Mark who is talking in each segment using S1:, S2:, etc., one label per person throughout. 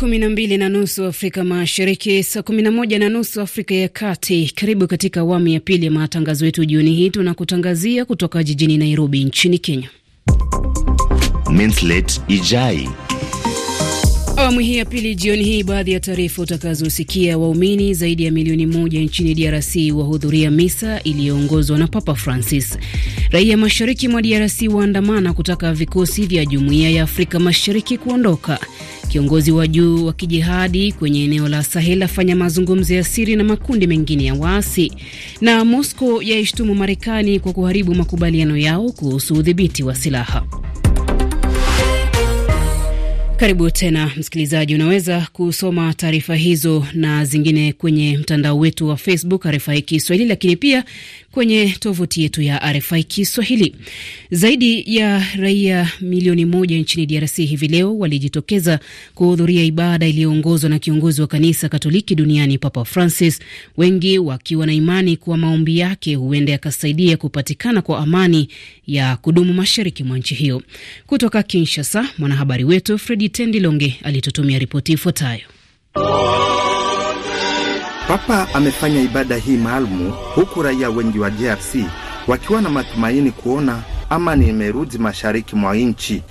S1: kumi na mbili na nusu Afrika Mashariki, saa kumi na moja na nusu Afrika ya Kati. Karibu katika awamu ya pili ya matangazo yetu jioni hii, tunakutangazia kutoka jijini Nairobi nchini Kenya.
S2: Mintlet Ijai.
S1: Awamu hii ya pili jioni hii, baadhi ya taarifa utakazosikia: waumini zaidi ya milioni moja nchini DRC wahudhuria misa iliyoongozwa na Papa Francis; raia mashariki mwa DRC waandamana kutaka vikosi vya Jumuiya ya Afrika Mashariki kuondoka; Kiongozi wa juu wa kijihadi kwenye eneo la Sahel afanya mazungumzo ya siri na makundi mengine ya waasi. Na Moscow yaishtumu Marekani kwa kuharibu makubaliano yao kuhusu udhibiti wa silaha. Karibu tena msikilizaji, unaweza kusoma taarifa hizo na zingine kwenye mtandao wetu wa Facebook RFI Kiswahili, lakini pia kwenye tovuti yetu ya RFI Kiswahili. Zaidi ya raia milioni moja nchini DRC hivi leo walijitokeza kuhudhuria ibada iliyoongozwa na kiongozi wa kanisa Katoliki duniani Papa Francis, wengi wakiwa na imani kuwa maombi yake huenda yakasaidia kupatikana kwa amani ya kudumu mashariki mwa nchi hiyo. Kutoka Kinshasa, mwanahabari wetu Fredi Tendilonge alitutumia ripoti ifuatayo.
S2: Papa amefanya ibada hii maalumu huku raia wengi wa DRC wakiwa na matumaini kuona amani imerudi mashariki mwa nchi.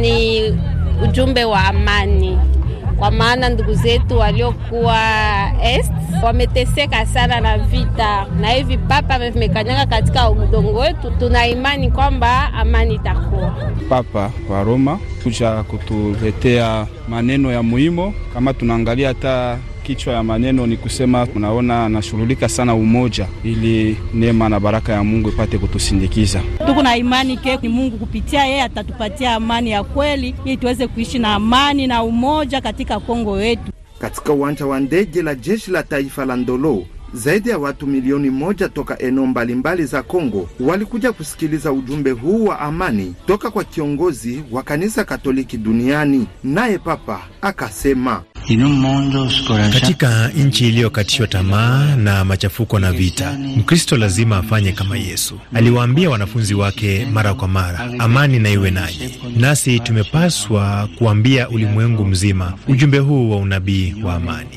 S1: Ni ujumbe wa amani, kwa maana ndugu zetu waliokuwa est wameteseka sana na vita, na hivi papa amekanyaga katika udongo wetu. Tuna imani kwamba amani itakuwa.
S3: Papa wa Roma kuja kutuletea maneno ya muhimu, kama tunaangalia hata Kichwa ya maneno ni kusema tunaona anashughulika sana umoja, ili neema na baraka ya Mungu ipate
S2: kutusindikiza.
S1: Tuko na imani ke ni Mungu kupitia yeye atatupatia amani ya kweli, ili tuweze kuishi na amani na umoja katika Kongo wetu
S2: Katika uwanja wa ndege la jeshi la taifa la Ndolo, zaidi ya watu milioni moja toka eneo mbalimbali za Kongo walikuja kusikiliza ujumbe huu wa amani toka kwa kiongozi wa kanisa Katoliki duniani, naye Papa akasema katika nchi iliyokatishwa tamaa na machafuko na vita, Mkristo lazima afanye kama Yesu aliwaambia wanafunzi wake mara kwa mara, amani na iwe nanyi. Nasi tumepaswa kuambia ulimwengu mzima ujumbe huu wa unabii wa amani.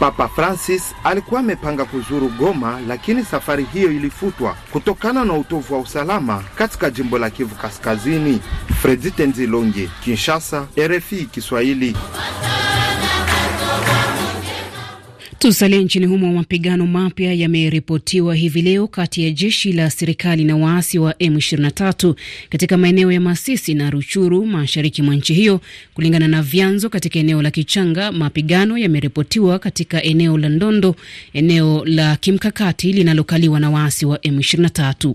S2: Papa Francis alikuwa amepanga kuzuru Goma, lakini safari hiyo ilifutwa kutokana na utovu wa usalama katika jimbo la Kivu Kaskazini. Fredi Tenzilonge, Kinshasa, RFI Kiswahili.
S1: Tusalie nchini humo, mapigano mapya yameripotiwa hivi leo kati ya jeshi la serikali na waasi wa M23 katika maeneo ya Masisi na Ruchuru, mashariki mwa nchi hiyo. Kulingana na vyanzo katika eneo la Kichanga, mapigano yameripotiwa katika eneo la Ndondo, eneo la kimkakati linalokaliwa na waasi wa M23.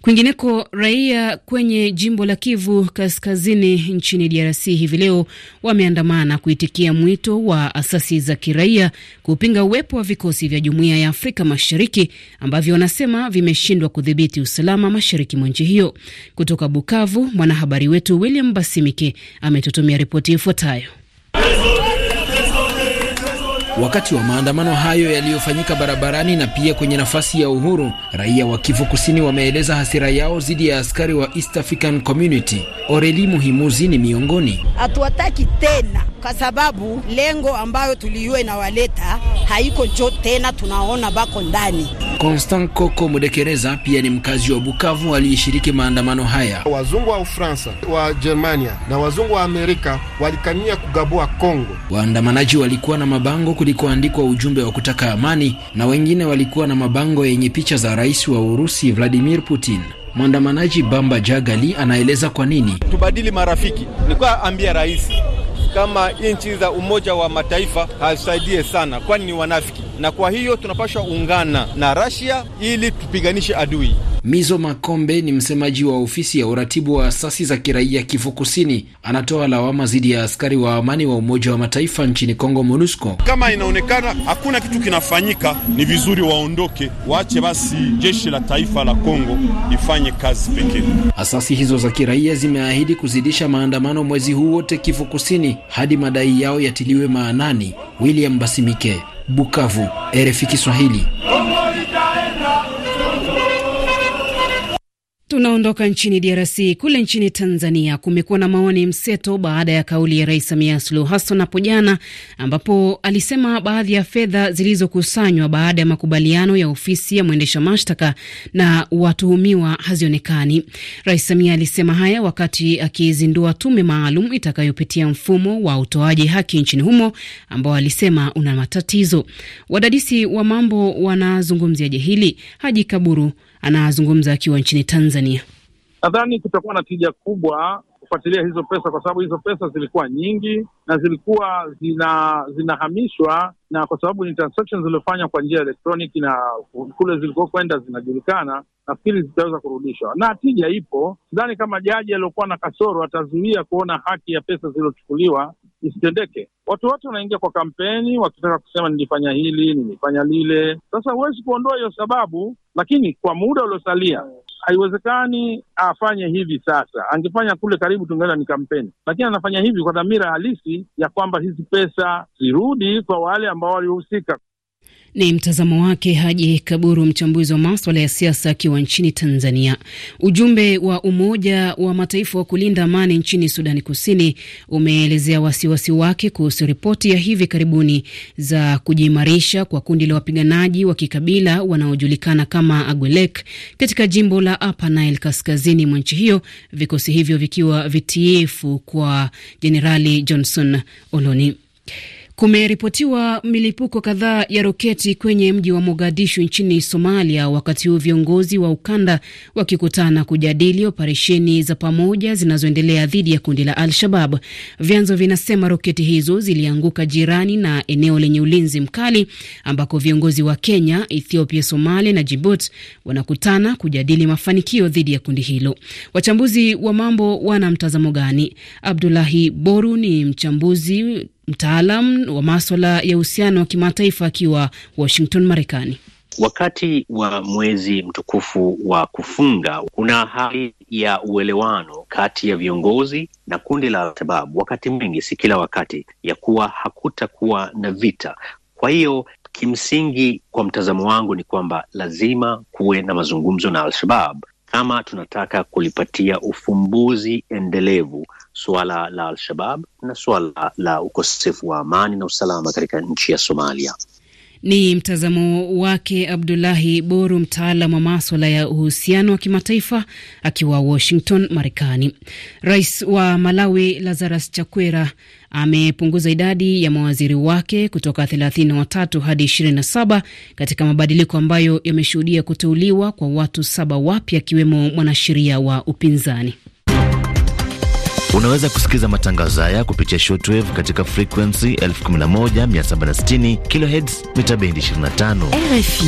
S1: Kwingineko, raia kwenye jimbo la Kivu Kaskazini nchini DRC hivi leo wameandamana kuitikia mwito wa asasi za kiraia kupinga uwepo wa vikosi vya Jumuiya ya Afrika Mashariki ambavyo wanasema vimeshindwa kudhibiti usalama mashariki mwa nchi hiyo. Kutoka Bukavu, mwanahabari wetu William Basimike ametutumia ripoti ifuatayo.
S3: Wakati wa maandamano hayo yaliyofanyika barabarani na pia kwenye nafasi ya Uhuru, raia wa Kivu Kusini wameeleza hasira yao dhidi ya askari wa East African Community. Oreli Muhimuzi ni miongoni.
S1: Hatuwataki tena kwa sababu lengo ambayo tuliyua inawaleta haiko jo tena, tunaona bako ndani.
S3: Constant Coco Mudekereza pia ni mkazi wa Bukavu aliyeshiriki maandamano haya. Wazungu wa Ufaransa, wa Germania na wazungu wa Amerika walikania kugabua Kongo. Waandamanaji walikuwa na mabango kulikoandikwa ujumbe wa kutaka amani na wengine walikuwa na mabango yenye picha za rais wa Urusi Vladimir Putin. Mwandamanaji Bamba Jagali anaeleza kwa nini
S2: tubadili marafiki. Nilikuwa ambia rais kama nchi za Umoja wa Mataifa hasaidie sana, kwani ni wanafiki, na kwa hiyo tunapashwa ungana na Russia ili tupiganishe
S3: adui. Mizo Makombe ni msemaji wa ofisi ya uratibu wa asasi za kiraia Kivu Kusini, anatoa lawama dhidi ya askari wa amani wa Umoja wa Mataifa nchini Kongo, MONUSCO. Kama inaonekana hakuna kitu kinafanyika, ni vizuri waondoke, waache basi jeshi la taifa la Kongo lifanye kazi pekee. Asasi hizo za kiraia zimeahidi kuzidisha maandamano mwezi huu wote Kivu Kusini hadi madai yao yatiliwe maanani. William Basimike, Bukavu, RFI Kiswahili.
S1: Tunaondoka nchini DRC. Kule nchini Tanzania kumekuwa na maoni mseto baada ya kauli ya Rais Samia Suluhu Hassan hapo jana, ambapo alisema baadhi ya fedha zilizokusanywa baada ya makubaliano ya ofisi ya mwendesha mashtaka na watuhumiwa hazionekani. Rais Samia alisema haya wakati akizindua tume maalum itakayopitia mfumo wa utoaji haki nchini humo ambao alisema una matatizo. Wadadisi wa mambo wanazungumziaje hili? Haji Kaburu anazungumza akiwa nchini Tanzania.
S3: Nadhani kutakuwa na tija kubwa kufuatilia hizo pesa, kwa sababu hizo pesa zilikuwa nyingi na zilikuwa zina zinahamishwa, na kwa sababu ni transactions zilizofanywa kwa njia ya elektroniki na kule zilikuwa kwenda zinajulikana, nafikiri zitaweza kurudishwa na tija ipo. Sidhani kama jaji aliyokuwa na kasoro atazuia kuona haki ya pesa zilizochukuliwa isitendeke. Watu wote wanaingia kwa kampeni wakitaka kusema nilifanya hili, nilifanya lile. Sasa huwezi kuondoa hiyo sababu, lakini kwa muda uliosalia haiwezekani afanye hivi sasa. Angefanya kule karibu, tungeenda ni kampeni, lakini anafanya hivi kwa dhamira halisi ya kwamba hizi pesa zirudi kwa wale ambao walihusika.
S1: Ni mtazamo wake Haji Kaburu, mchambuzi wa maswala ya siasa akiwa nchini Tanzania. Ujumbe wa Umoja wa Mataifa wa kulinda amani nchini Sudani Kusini umeelezea wasiwasi wake kuhusu ripoti ya hivi karibuni za kujiimarisha kwa kundi la wapiganaji wa kikabila wanaojulikana kama Agwelek katika jimbo la Upper Nile kaskazini mwa nchi hiyo, vikosi hivyo vikiwa vitiifu kwa Jenerali Johnson Oloni. Kumeripotiwa milipuko kadhaa ya roketi kwenye mji wa Mogadishu nchini Somalia, wakati huu viongozi wa ukanda wakikutana kujadili operesheni za pamoja zinazoendelea dhidi ya kundi la Al-Shabab. Vyanzo vinasema roketi hizo zilianguka jirani na eneo lenye ulinzi mkali ambako viongozi wa Kenya, Ethiopia, Somalia na jibut wanakutana kujadili mafanikio dhidi ya kundi hilo. Wachambuzi wa mambo wana mtazamo gani? Abdulahi Boru ni mchambuzi mtaalam wa maswala ya uhusiano wa kimataifa akiwa Washington, Marekani.
S3: Wakati wa mwezi mtukufu wa kufunga kuna hali ya uelewano kati ya viongozi na kundi la sababu, wakati mwingi, si kila wakati, ya kuwa hakutakuwa na vita. Kwa hiyo kimsingi, kwa mtazamo wangu ni kwamba lazima kuwe na mazungumzo na Al-Shabab kama tunataka kulipatia ufumbuzi endelevu suala la Al-Shabab na suala la ukosefu wa amani na usalama katika nchi ya Somalia.
S1: Ni mtazamo wake Abdulahi Boru, mtaalam wa maswala ya uhusiano wa kimataifa akiwa Washington, Marekani. Rais wa Malawi Lazarus Chakwera amepunguza idadi ya mawaziri wake kutoka 33 hadi 27 katika mabadiliko ambayo yameshuhudia kuteuliwa kwa watu saba wapya akiwemo mwanasheria wa upinzani.
S2: Unaweza kusikiliza matangazo haya kupitia shortwave katika frequency 11760 kilohertz mita bendi 25
S1: RFI.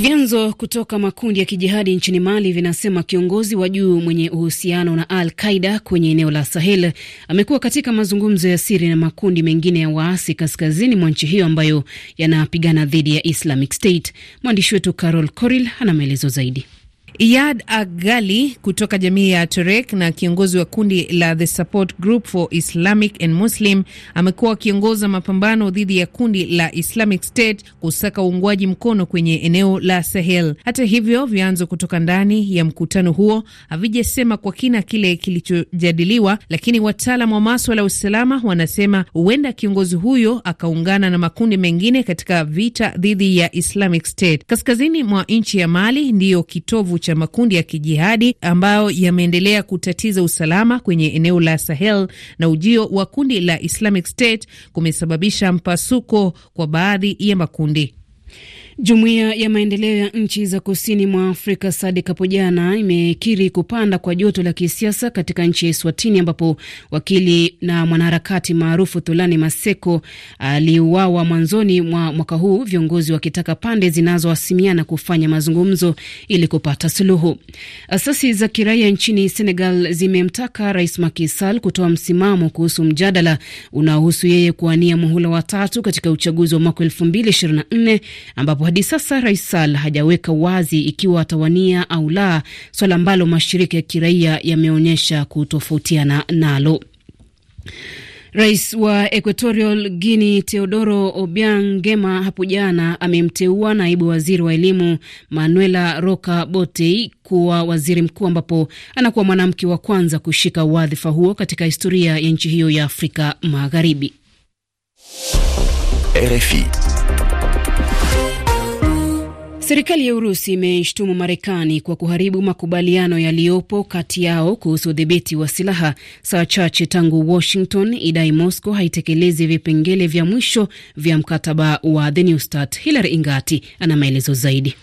S1: Vyanzo kutoka makundi ya kijihadi nchini Mali vinasema kiongozi wa juu mwenye uhusiano na Al Qaida kwenye eneo la Sahel amekuwa katika mazungumzo ya siri na makundi mengine ya waasi kaskazini mwa nchi hiyo ambayo yanapigana dhidi ya Islamic State. Mwandishi wetu Carol Coril ana maelezo zaidi. Iyad Agali kutoka jamii ya Turek na kiongozi wa kundi la The Support Group for Islamic and Muslim amekuwa akiongoza mapambano dhidi ya kundi la Islamic State kusaka uungwaji mkono kwenye eneo la Sahel. Hata hivyo, vyanzo kutoka ndani ya mkutano huo havijasema kwa kina kile kilichojadiliwa, lakini wataalam wa maswala ya usalama wanasema huenda kiongozi huyo akaungana na makundi mengine katika vita dhidi ya Islamic State. Kaskazini mwa nchi ya Mali ndiyo kitovu cha cha makundi ya kijihadi ambayo yameendelea kutatiza usalama kwenye eneo la Sahel na ujio wa kundi la Islamic State kumesababisha mpasuko kwa baadhi ya makundi. Jumuiya ya maendeleo ya nchi za kusini mwa Afrika SADC hapo jana imekiri kupanda kwa joto la kisiasa katika nchi ya Eswatini ambapo wakili na mwanaharakati maarufu Thulani Maseko aliuawa mwanzoni mwa mwaka huu, viongozi wakitaka pande zinazohasimiana kufanya mazungumzo ili kupata suluhu. Asasi za kiraia nchini Senegal zimemtaka Rais Macky Sall kutoa msimamo kuhusu mjadala unaohusu yeye kuwania muhula watatu katika uchaguzi wa mwaka 2024 ambapo hadi sasa Rais Sall hajaweka wazi ikiwa atawania au la, swala ambalo mashirika ya kiraia yameonyesha kutofautiana nalo. Rais wa Equatorial guini Teodoro Obiang Gema hapo jana amemteua naibu waziri wa elimu Manuela Roca Botei kuwa waziri mkuu, ambapo anakuwa mwanamke wa kwanza kushika wadhifa huo katika historia ya nchi hiyo ya Afrika Magharibi. RFI. Serikali ya Urusi imeshtumu Marekani kwa kuharibu makubaliano yaliyopo kati yao kuhusu udhibiti wa silaha, saa chache tangu Washington idai Moscow haitekelezi vipengele vya mwisho vya mkataba wa The New START. Hilary Ingati ana maelezo zaidi.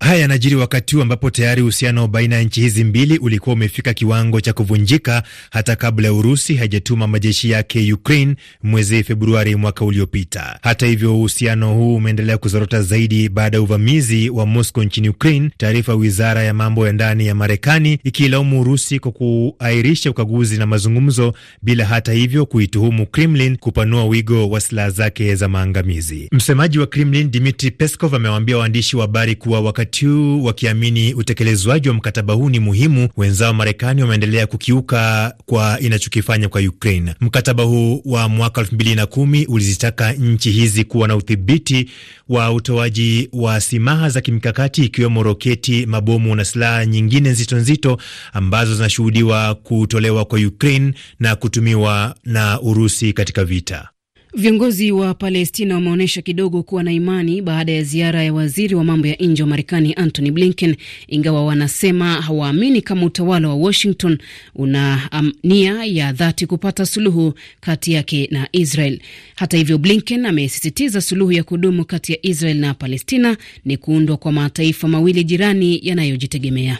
S2: Haya yanajiri wakati huu ambapo tayari uhusiano baina ya nchi hizi mbili ulikuwa umefika kiwango cha kuvunjika hata kabla ya Urusi haijatuma majeshi yake Ukraine mwezi Februari mwaka uliopita. Hata hivyo, uhusiano huu umeendelea kuzorota zaidi baada ya uvamizi wa Moscow nchini Ukraine, taarifa ya wizara ya mambo ya ndani ya Marekani ikilaumu Urusi kwa kuahirisha ukaguzi na mazungumzo, bila hata hivyo kuituhumu Kremlin kupanua wigo wa silaha zake za maangamizi. Msemaji wa Kremlin Dmitri Peskov amewaambia waandishi wa habari kuwa wakati wakati huu wakiamini utekelezwaji wa mkataba huu ni muhimu, wenzao Marekani wameendelea kukiuka kwa inachokifanya kwa Ukraine. Mkataba huu wa mwaka elfu mbili na kumi ulizitaka nchi hizi kuwa na udhibiti wa utoaji wa silaha za kimkakati ikiwemo roketi, mabomu na silaha nyingine nzito nzito ambazo zinashuhudiwa kutolewa kwa Ukraine na kutumiwa na Urusi katika vita.
S1: Viongozi wa Palestina wameonyesha kidogo kuwa na imani baada ya ziara ya waziri wa mambo ya nje wa Marekani Antony Blinken, ingawa wanasema hawaamini kama utawala wa Washington una um, nia ya dhati kupata suluhu kati yake na Israel. Hata hivyo, Blinken amesisitiza suluhu ya kudumu kati ya Israel na Palestina ni kuundwa kwa mataifa mawili jirani yanayojitegemea.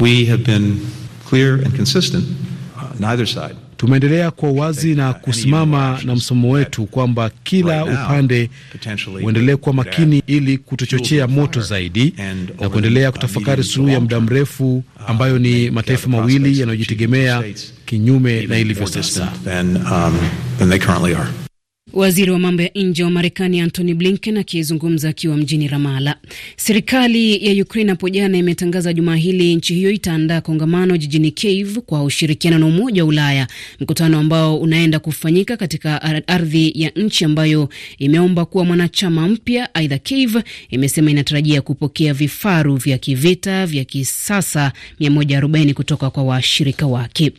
S2: We have been clear and consistent
S3: side Tumeendelea kwa uwazi na kusimama na msimamo wetu kwamba kila upande
S1: uendelee kuwa makini
S3: ili kutochochea moto zaidi na kuendelea kutafakari suluhu ya muda mrefu uh, ambayo ni mataifa mawili yanayojitegemea
S2: kinyume na ilivyo sasa. Um,
S1: Waziri wa mambo ya nje wa Marekani Antony Blinken akizungumza akiwa mjini Ramala. Serikali ya Ukraine hapo jana imetangaza jumaa hili nchi hiyo itaandaa kongamano jijini Kiev kwa ushirikiano na Umoja wa Ulaya, mkutano ambao unaenda kufanyika katika ardhi ya nchi ambayo imeomba kuwa mwanachama mpya. Aidha, Kiev imesema inatarajia kupokea vifaru vya kivita vya kisasa 140 kutoka kwa washirika wake.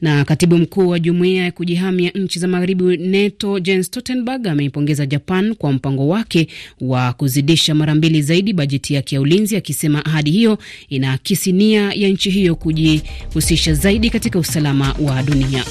S1: Na katibu mkuu wa jumuiya ya kujihamia nchi za magharibi NATO Jens Stoltenberg ameipongeza Japan kwa mpango wake wa kuzidisha mara mbili zaidi bajeti yake ya ulinzi, akisema ahadi hiyo inaakisi nia ya nchi hiyo kujihusisha zaidi katika usalama wa dunia.